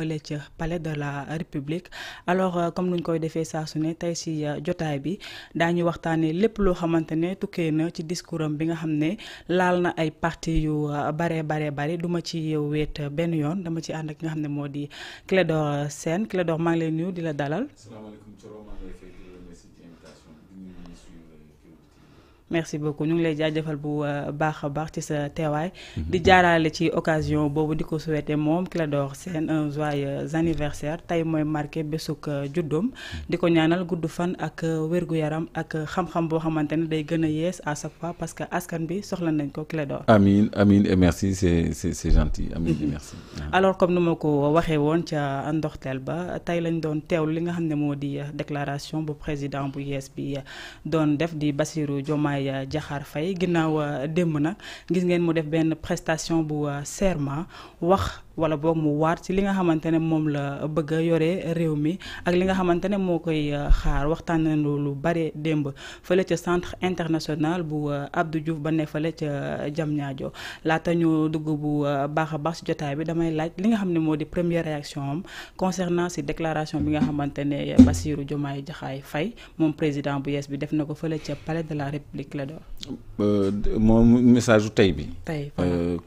fële ca palais de la république alors euh, comme nuñ koy defee saa su ne tey si euh, jotaay bi daañu waxtaanee lépp loo xamante ne tukkee na ci discours bi nga xam ne laal na ay parti yu euh, bare bare bare duma ci wéet benn yoon dama ci ànd ki nga xam ne moo di Clédor Sène Clédor maa ngi lay nuyu di la dalal. merci beaucoup ñu ngi lay jaajëfal bu euh, baax a baax ci sa teewaay. Mhm. di jaaraale ci occasion boobu di ko souhaité moom Clédor Sène un joyeux anniversaire tey mooy marqué bésug euh, juddoom. Mhm. di ko ñaanal gudd fan ak euh, wérgu yaram ak xam-xam boo xamante ne day gën a yees à chaque fois parce que askan bi soxla nañ ko Clédor. amin amin et merci c'est c'est c'est gentil amin et mhm. merci. alors comme nous ma ko waxee woon ca ndoxteel ba tey lañ doon teewlu li nga xam ne moo di déclaration bu président bu yees bi doon def di basiru Diomaye Diomaye euh, Diakhar Faye ginnaw euh, modef ben gis def prestation bu euh, serment wax wala boog mu waat ci li nga xamante ne moom la bëgg a yore réew mi ak li nga xamante ne moo koy euh, xaar waxtaan nañu lu bare démb fële ca centre international bu euh, Abdou Diouf ba ne fële ca euh, Diamniadio laata ñu dugg bu baax a baax ci jotaay bi damay laaj li nga xam ne moo di première réaction am concernant ci déclaration bi nga xamante ne Bassirou Diomaye Diakhaye fay moom président bu yees bi def na ko fële ca palais de la République la doon. moom message tey bi. tey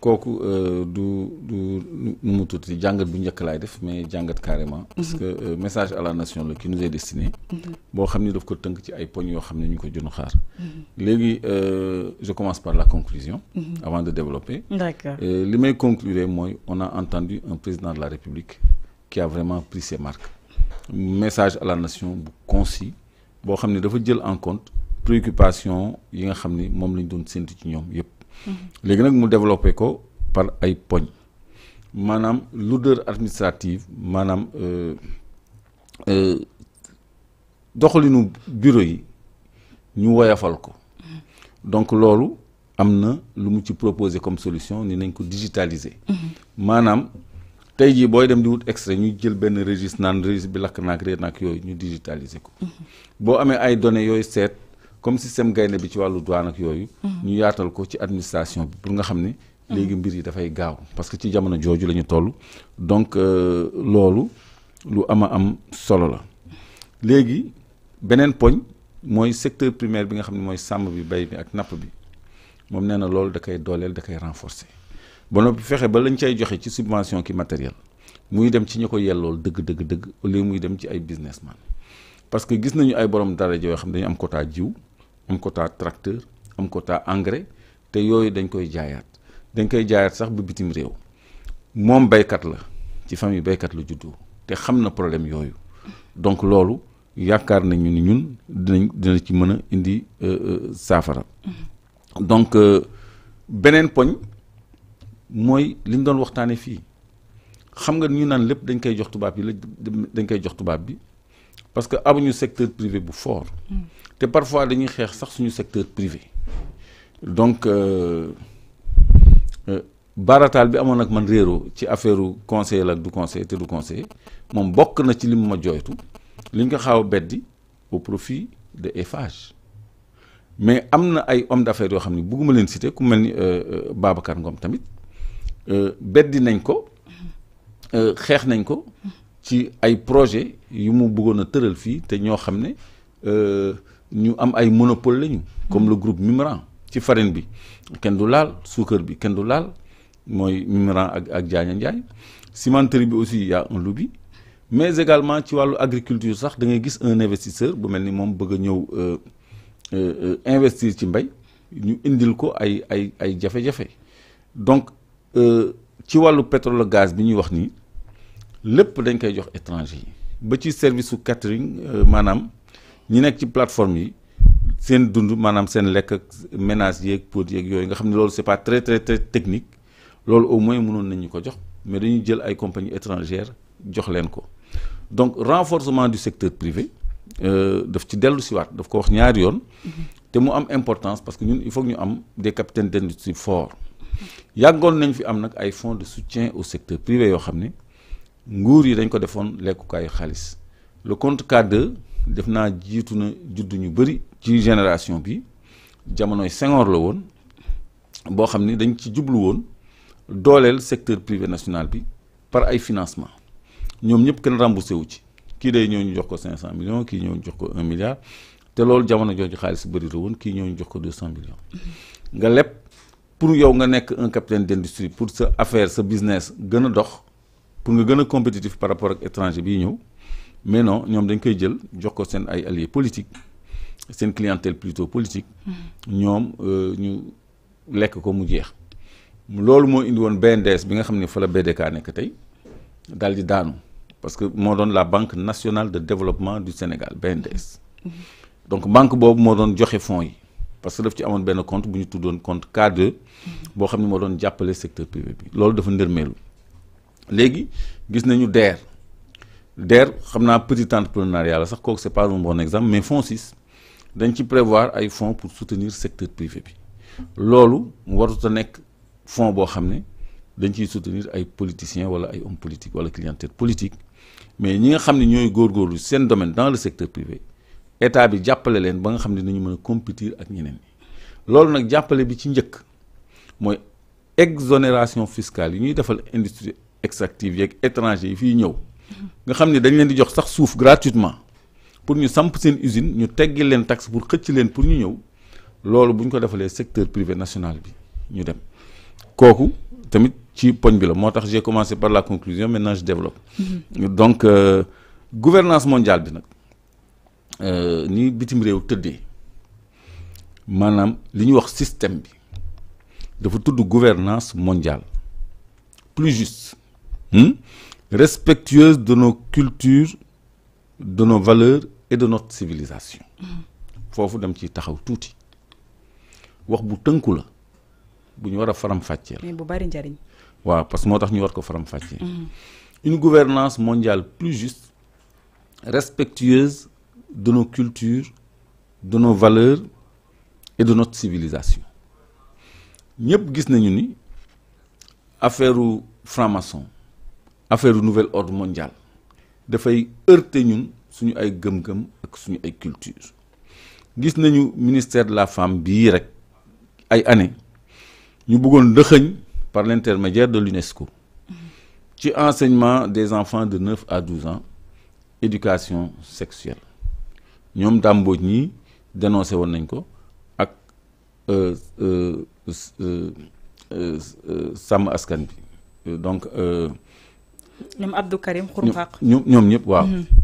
kooku du du nu mu tuuti jangat bu njëkk de def mais jangat carrément. Mhm. parce que euh, message à la nation le qui nous est destiné. Mhm. bo xamni daf ko teunk ci ay poñ yo xamni ñu ko junu xaar. Mhm. euh je commence par la conclusion. avant de développer. d'accord euh, li may conclure moy on a entendu un président de la République qui a vraiment pris ses marques. message à la nation concis bo xamni dafa jël en compte préoccupation yi nga xamni mom de lañ doon séntu ci ñom yépp légui nak mu développé ko par ay poñ. maanaam lu lourdeur administrative maanaam euh, euh, doxalinu bureau yi ñu woyafal ko donc loolu am na lu mu ci proposé comme solution ni nañ ko digitaliser maanaam tey jii booy dem di wut extrait ñu jël benn registre naan registre bi lakk naak réer naak yooyu ñu digitaliser ko boo amee ay données yooyu seet comme système gaynde bi ci wàllu douane ak yooyu mm-hmm. ñu yaatal ko ci administration bi pour nga xam ni léegi mbir yi dafay gaaw parce que ci jamono jooju la ñu toll donc euh, loolu lu ama am solo la léegi beneen poñ mooy secteur primaire bi nga xam ne mooy sàmm bi bay bi ak napp bi moom nee na loolu da koy dooleel da koy renforcer ba noppi fexe ba lañ cay joxe ci subvention ki matériel muy dem ci ñu ko yellool dëgg dëgg dëgg au muy dem ci ay businessman parce que gis nañu ay borom daraja yoo xam ne dañu am quota jiw am quota tracteur am quota engrais te yooyu dañ koy jaayaat dañ koy jaayaat sax ba bitim réew moom baykat la ci famille baykat la juddoo te xam na problème yooyu donc loolu yaakaar nañu ni ñun dinañ dina ci mën a indi euh, euh, saafara donc euh, beneen poñ mooy li ñu doon waxtaanee fii xam nga ñu naan lépp dañ koy jox tubaab bi la dañ koy jox tubaab bi parce que amuñu secteur privé bu fort mm. te parfois dañuy xeex sax suñu secteur privé donc euh, baratal bi amoon ak man réeroo ci affaireu conseil la ak du conseil te du conseil mom bokk na ci limuma joytu ma li ñu ko xaaw beddi au profit de Eiffage mais amna ay homme d'affaires yo xamni ne len citer ku mel ni euh, euh, Babacar Ngom tamit euh, beddi nañ ko euh, xex nañ ko ci ay projet yu mu bëggoon teurel fi fii te ñoo xam ne euh, ñu am ay monopole lañu. comme le groupe Mimran ci farine bi kenn du laal sucre bi kenn du laal moy Mimran ak ak Diagne Ndiaye cimenterie bi aussi y a un lobby mais également ci walu agriculture sax da ngay gis un investisseur bu melni mom bëgg ñëw euh euh investir ci mbay ñu indil ko ay ay ay jafé jafé donc euh ci walu pétrole gaz bi ñuy wax ni lepp dañ koy jox étranger yi ba ci service catering euh, manam ñi nek ci plateforme yi seen dund maanaam seen lekk ak ménage yeeg produit yeeg yooyu nga xamni lolu c'est pas très très très technique loolu au moins mënoon nañu ko jox mais dañuy jël ay compagnies étrangères jox leen ko donc renforcement du secteur privé euh, daf ci dellu siwaat daf ko wax ñaari yoon te mu am importance parce que ñun il faut que ñu am des capitaines d'industrie forts yàggoon nañ fi am nag ay fonds de soutien au secteur privé yoo xam ne nguur yi dañ ko defoon lekkukaayu xaalis le compte K2 def naa jiitu na juddu ñu bëri ci génération bi jamonoy Senghor la woon boo xam ni dañ ci jublu woon le secteur privé national par ay financement ñoom ñëpp tous remboursé wu ci kii day 500 millions qui a 1 milliard te loolu jamono jooju 200 millions. nga pour yow nga un capitaine d'industrie, pour ce affaire ce business gën pour nga gën compétitif par rapport ak étranger mais non nous dañ koy jël jox ko seen ay alliés politiques. clientèle plutôt politique. nous mm-hmm. euh, ñu lekk ko mu loolu moo indi woon BNDS bi nga xam ne fa la BDK nekk tey daal di daanu parce que moo doon la banque nationale de développement du Sénégal BNDS donc banque boobu moo doon joxe fonds yi parce que daf ci amoon benn compte bu ñu tuddoon compte K2 boo xam ne moo doon jàppale secteur privé bi loolu dafa ndërmeelu léegi gis nañu DER DER xam naa petit entrepreneuriat la sax kooku c'est pas un bon exemple mais fonds 6 dañ ci prévoir ay fonds pour soutenir secteur privé bi loolu warut a nekk fonds boo xamné dañ ciy soutenir ay politiciens wala ay hommes politiques wala clientèle politique mais ñi nga xamné ñoy gor góorgóorlu sen domaine dans le secteur privé état bi jappalé leen ba nga xamné ñu mëna compétir ak ñeneen ñi loolu nag jàppale bi ci ñëk moy exonération fiscale ñuy defal industrie extractive yeeg étranger yi fii ñëw nga xamné dañ leen di jox sax suuf gratuitement pour ñu samp seen usine ñu teggil leen taxe pour xëcc leen pour ñu ñëw loolu buñ ko defalee secteur privé national bi ñu dem kooku tamit ci la j'ai commencé par la conclusion maintenant je développe mm-hmm. donc euh, gouvernance mondiale bi euh ni bitim rew tëddee manam liñ wax système bi dafa gouvernance mondiale plus juste hmm? respectueuse de nos cultures de nos valeurs et de notre civilisation mm-hmm. fofu dem ci taxaw touti wax bu teunkou la une gouvernance mondiale plus juste respectueuse de nos cultures de nos valeurs et de notre civilisation ñëpp gis nañu ni affaire franc-maçon affaire nouvel ordre mondial ñun suñu ay gëm-gëm ak suñu culture gis nañu ministère de la femme ñu bëggoon dëxëñ par l'intermédiaire de l'UNESCO ci enseignement des enfants de 9 à 12 ans éducation sexuelle Nous avons ñi dénoncé woon nañ ko ak euh, euh, euh, sàmm askan bi donc ñoom Abdou Karim Xrum ñoom waaw mm-hmm.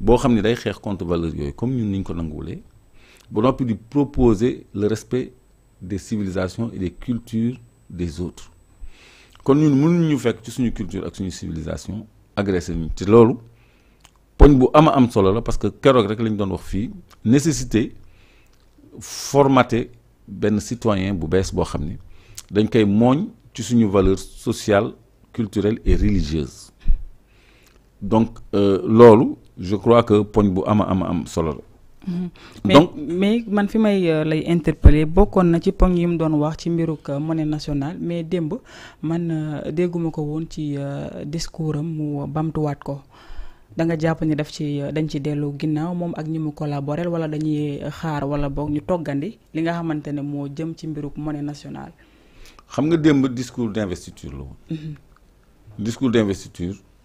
bo xamni day compte valeurs yoy comme ñun ni ñu ko nanguwulee di proposer le respect des civilisations et des cultures des autres kon ñun mënu ñu fekk ci suñu culture ak suñu civilisation agresser ñu te loolu poñ bu ama am solo la parce que kérok rek lañ doon wax fi nécessité formater ben citoyen bu bees bo xamni dañ kay moñ ci suñu valeurs sociales, culturelles et religieuses donc euh, loolu je crois que poñ bu ama ama am solo la. Mm-hmm. donc mais man fi may euh, lay interpeller bokon na ci poñ yi don wax ci mbiruk euh, monnaie nationale mais demb man dégguma ko ci discours am mu wat ko da nga japp ni daf ci dañ ci dellu ginnaw mom ak ñimu collaborer wala dañuy xaar wala bok ñu toggandi li nga xamantene ne jëm ci mbiruk monnaie nationale. xam nga demb discours d'investiture la mm-hmm. discours d'investiture.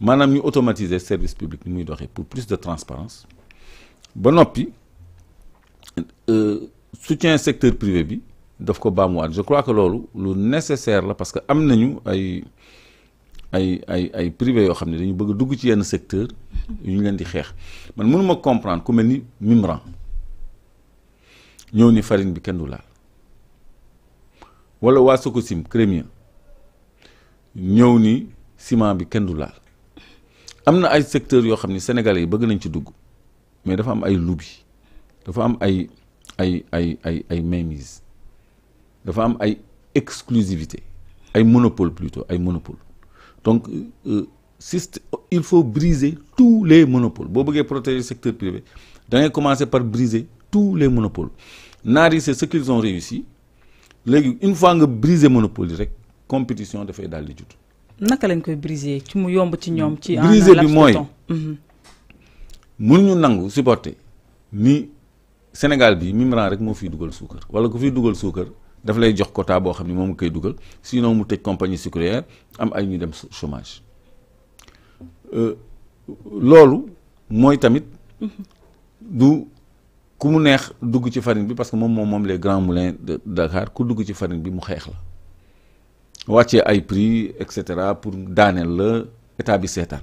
manam ñu automatiser service public ni muy pour plus de transparence ba euh soutien secteur privé bi daf ko baamuwaat je crois que lolu lu nécessaire la parce que am nañu ay ay ay ay privé yo xam dañu bëgg dugg ci yenn secteur yu ñu leen di xeex man mënuma comprendre ku mel ni Mimran ñëw ni farine bi kenn du laal wala waa Sococim Crémien ñëw ni ciment bi kenn du laal y a ay secteur yo xamni ni sénégalais yi bëgg nañ ci dugg mais dafa am ay lobby dafa am ay ay ay ay ay mainmise dafa am ay exclusivité ay monopole plutôt ay monopole donc euh, il faut briser tous les monopoles vous voulez protéger le secteur privé da ngay commencer par briser tous les monopoles naar c'est ce qu'ils ont réussi une fois nga briser monopole direct, rek compétition fay dans di judd naka lañ koy briser ci mu yomb ci ñoom. ci en briser bi mooy. Mhm. mënuñu nangu supporter ni Sénégal bi Mimran rek moo fiy dugal suukar wala ku fiy dugal suukar daf lay jox quota boo xam ne moom koy dugal sinon mu tëj compagnie sucrière am ay ñu dem chômage euh, loolu mooy tamit mhm. du ku mu neex dugg ci farine bi parce que moom moom moom les grands moulins de Dakar ku dugg ci farine bi mu xeex la a ay prix et cetera pour donner la état bi seetaan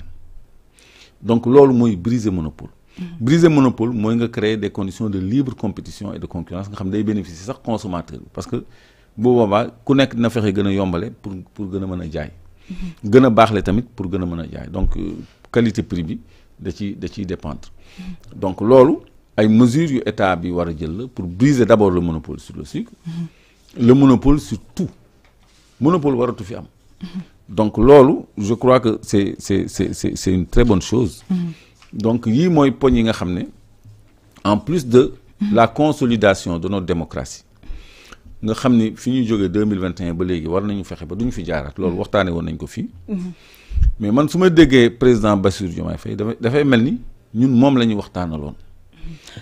donc loolu mooy briser monopole. Mm-hmm. briser monopole mooy nga créer des conditions de libre compétition et de concurrence nga xam day bénéficier sax consommateur parce que bu boobaa ku nekk dina fexe gën a pour pour gën a mën a jaay. Mm-hmm. gën a baaxle tamit pour gën a mën a jaay donc euh, qualité prix bi da ci da dépendre mm-hmm. donc loolu ay mesures yu état bi war jël pour briser d'abord le monopole sur le sucre. le monopole sur tout monopole waratu fi am donc lolu je crois que c'est c'est c'est c'est une très bonne chose donc yi moy poñ yi nga xamné en plus de la consolidation de notre démocratie nga xamné fiñu fi 2021 ba légui war nañu fexé ba duñu fi jaaraat lolu waxtané won nañ ko fi mais man suma ma président Bassir Diomaye Faye dafay dafay ni ñun mom lañu ñuy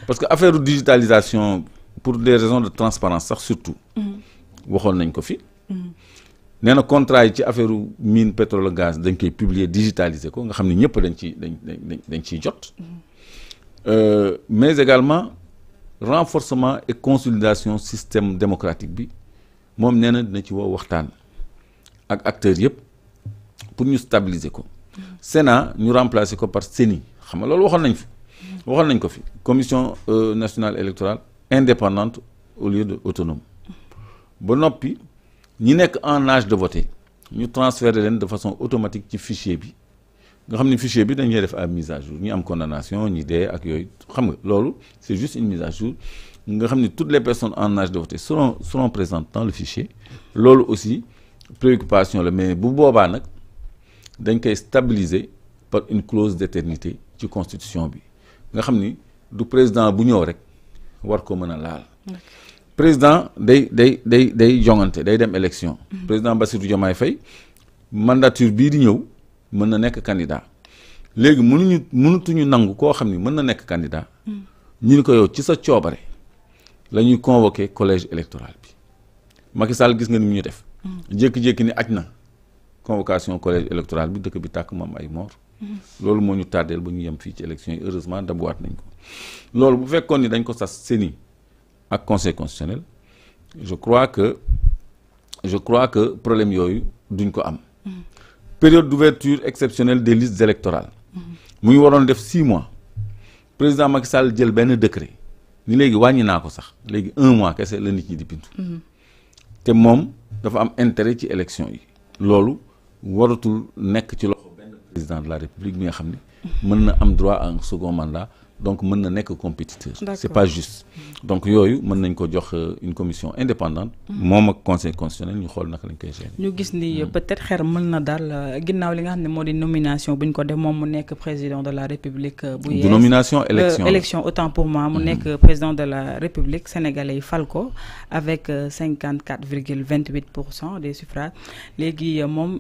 parce que affaire digitalisation pour des raisons de transparence sax surtout waxoon nañ ko fi nee na contrat yi ci affaire mine pétrole gaz dañ koy publier digitaliser ko nga xam ne ñëpp dañ ci dañ dañ dañ euh, mais également renforcement et consolidation système démocratique bi moom nee na dina ci woo waxtaan ak acteurs pour ñu stabiliser ko Sénat ñu remplacer ko par CENI xam nga loolu waxoon nañ fi waxoon nañ ko fi commission euh, nationale électorale indépendante au lieu de autonome ba noppi nous sommes en âge de voter Nous transférons de façon automatique le fichier bi nga xam fichier bi dañuy def à mise à jour avons am condamnation une idée, ak c'est juste une mise à jour Nous avons toutes les personnes en âge de voter seront seront présentes dans le fichier C'est aussi une préoccupation le mais bu de nag dañ êtes stabilisé par une clause d'éternité la constitution bi nga le du président bu rek war ko président day day day day jongante day dem élection. président Bassirou Diomaye fay mandature bi di ñëw mën na nek candidat léegi mënuñu mënatuñu nangu koo xam ni mën na nek candidat. Hmm. ñu ko yow ci sa coobare la ñuy convoqué collège électoral bi Macky Sall gis nga ni mu ñu def. Hmm. jékki-jékki ni aj convocation collège électoral bi dëkk bi tak mom ay mort. Hmm. loolu mo ñu tardeel ba ñu yëm fi ci élection yi heureusement wat nañ ko. loolu bu fekkoon ni dañ ko sas seni à conseil constitutionnel je crois que je crois que problème yoyu duñ ko am. période d'ouverture exceptionnelle des listes électorales. muy waroon def six mois. président Macky Sall jël ben décret ni légui wàññi naa ko sax légui un mois kese la nit ñi di bindu. Mm-hmm. té mom dafa am intérêt ci élection yi. lolu waratul nek ci loxo ben président de la république bi nga xamni mm-hmm. ne. na am droit à un second mandat donc mën na nekk compétiteur c'est pas juste donc yooyu mën nañ ko jox euh, une commission indépendante moom ak conseil constitutionnel ñu xool naka lañ koy gérer ñu gis ni hmm. peut-être que mën na dal euh, ginnaaw li nga xam ne moo di nomination bu ñu ko def moom mu nekk président de la république euh, bu nomination élection élection autant pour moi mu hmm. nekk président de la république sénégalais FALCO, avec 54,28% des suffrages léegi moom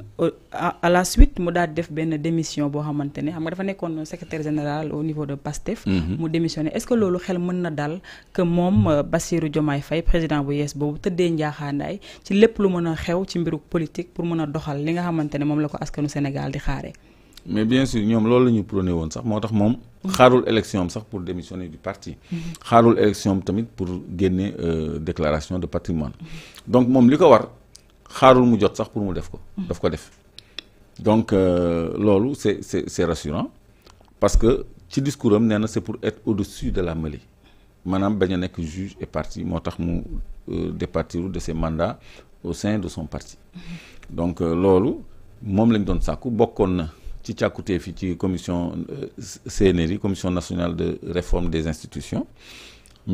à la suite mu daal def benn démission boo xamante ne xam nga dafa nekkoon secrétaire général au niveau de PASTEF Mm-hmm. mu démissionné est-ce que lolu xel mën na dal que mom euh, Bassirou Diomaye Faye président bu yees boobu tëddee njaaxaandaay ci lépp lu mën xew ci mbiru politique pour mën doxal li nga xamante mom moom la ko askanu Sénégal di xaré mais bien sûr ñom lolu lañu ñu won sax motax mom moom mm-hmm. xaarul élection sax pour démissionner du parti mm-hmm. xaarul élection tamit pour génne euh, déclaration de patrimoine donc mom liko war xaarul mu jot sax pour mu def ko daf ko def donc euh, loolu c'est c'est c'est rassurant parce que ci discours am c'est pour être au-dessus de la mêlée manam baña nek juge et parti motax euh, de ses mandats au sein de son parti donc euh, lolu mom lañ don sàkku bokon na ci càkkutee fi ci commission euh, CNRI commission nationale de réforme des institutions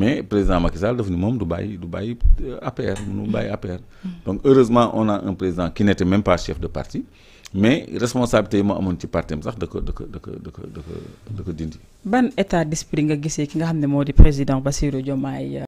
mais président Macky Sall devenu ni moom du bàyyi du bàyyi APR mënu APR mm. donc heureusement on a un président qui n'était même pas chef de parti mais responsabilité yi moo amoon ci partem sax da ko da ko da ko da ko da ko dindi. ban état d'esprit nga gisee ki nga xam ne président Bassirou Diomaye euh,